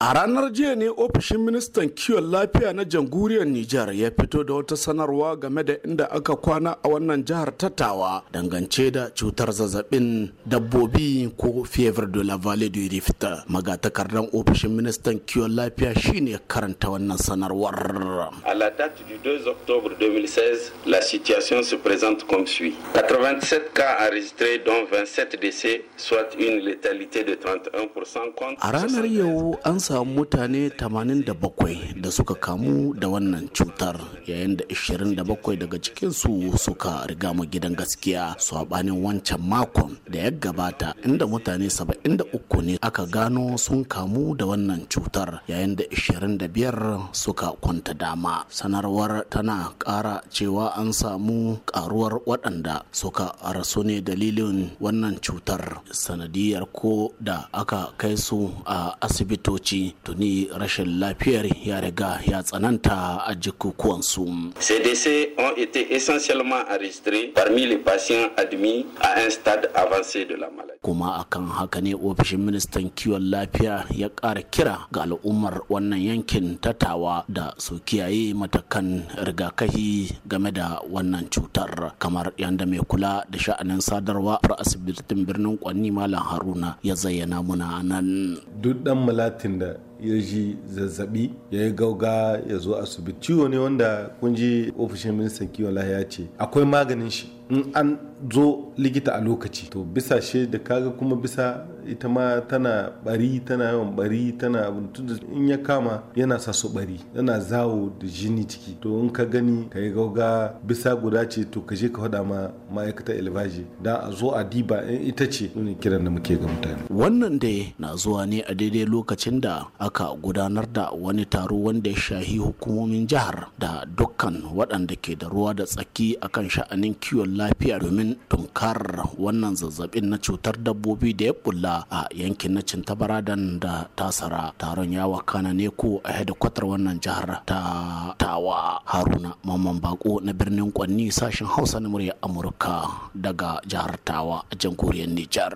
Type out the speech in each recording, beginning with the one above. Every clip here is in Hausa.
A ranar jiya ne ofishin ministan kiwon lafiya na jamhuriyar Nijar ya fito da wata sanarwa game da inda aka kwana a wannan jihar Tattawa dangance da cutar zazzabin dabbobi ko fever de la Vallée du Rift. Magatakardan ofishin ministan kiwon lafiya shine karanta wannan sanarwar. A la date du 2 octobre 2016, la situation se présente comme suit. 87 cas enregistrés dont 27 décès, soit une létalité de 31% contre A ranar yau an samu mutane 87 da suka kamu da wannan cutar yayin da 27 daga cikinsu suka riga mu gidan gaskiya saɓanin wancan makon da ya gabata inda mutane 73 ne aka gano sun kamu da wannan cutar yayin da 25 suka kwanta dama sanarwar tana ƙara cewa an samu ƙaruwar waɗanda suka rasu ne dalilin wannan cutar sanadiyar ko da aka kai su a asibitoci Tony, Rachel, Yarega, ya ya Ces décès ont été essentiellement enregistrés parmi les patients admis à un stade avancé de la maladie. kuma akan haka ne ofishin ministan kiwon lafiya ya ƙara kira ga al'ummar wannan yankin tatawa da su kiyaye matakan rigakafi game da wannan cutar kamar yadda mai kula da sha'anin sadarwa a asibitin birnin kwanni malam haruna ya zayyana muna nan duk dan mulatin da ya ji zazzabi ya yi gauga ya zo asibiti ciwo ne wanda kun ji ofishin ministan kiwon lafiya ce akwai maganin shi in an zo likita a lokaci to bisa she da kaga kuma bisa ita ma tana bari tana yawan bari tana da in ya kama yana sa su bari yana zawo da jini ciki to in ka gani ka yi gauga bisa guda ce to ka je ka faɗa ma ma'aikatar ilbaji da a zo a diba in ita ce ne kiran da muke ga mutane wannan dai na zuwa ne a daidai lokacin da aka gudanar da wani taro wanda ya shahi hukumomin jihar da dukkan waɗanda ke da ruwa da tsaki akan sha'anin kiwon lafiya domin domin tunkar wannan zazzabin na cutar dabbobi da ya bulla a yankin na cintabaradan da tasara taron ya wakana ne ko a hedikwatar wannan jihar ta tawa haruna mamman bako na birnin kwanni sashen hausa na murya amurka daga jihar tawa a jamhuriyar nijar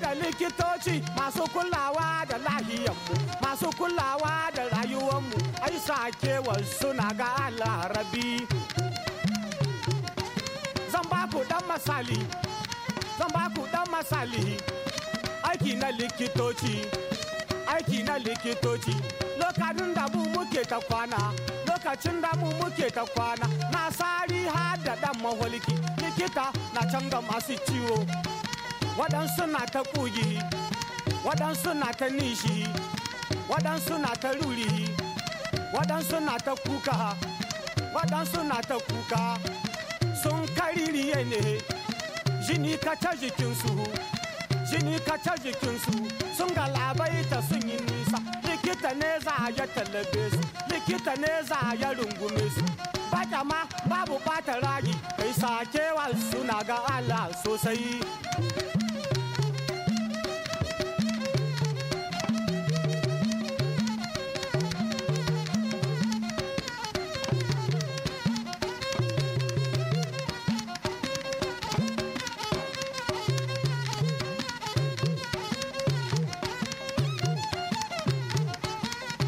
da likitoci masu kulawa da lahiyanmu masu kulawa da rayuwanmu ai sakewar suna ga alarabi masali zan dan masali aiki na likitoci aiki na likitoci lokacin da mu muke ta kwana lokacin da mu muke ta kwana na sari har da dan maholiki likita na canza masu ciwo waɗansu na ta kugi waɗansu na ta nishi waɗansu na ta ruri waɗansu na ta kuka waɗansu na ta kuka sun kaririye ne jini ka ta jikinsu jini ka ta jikinsu sun ga ta sun yi nisa likita ne za a ya talabe su likita ne za a ya rungume su bata ma babu bata ragi kai sakewa suna ga ala sosai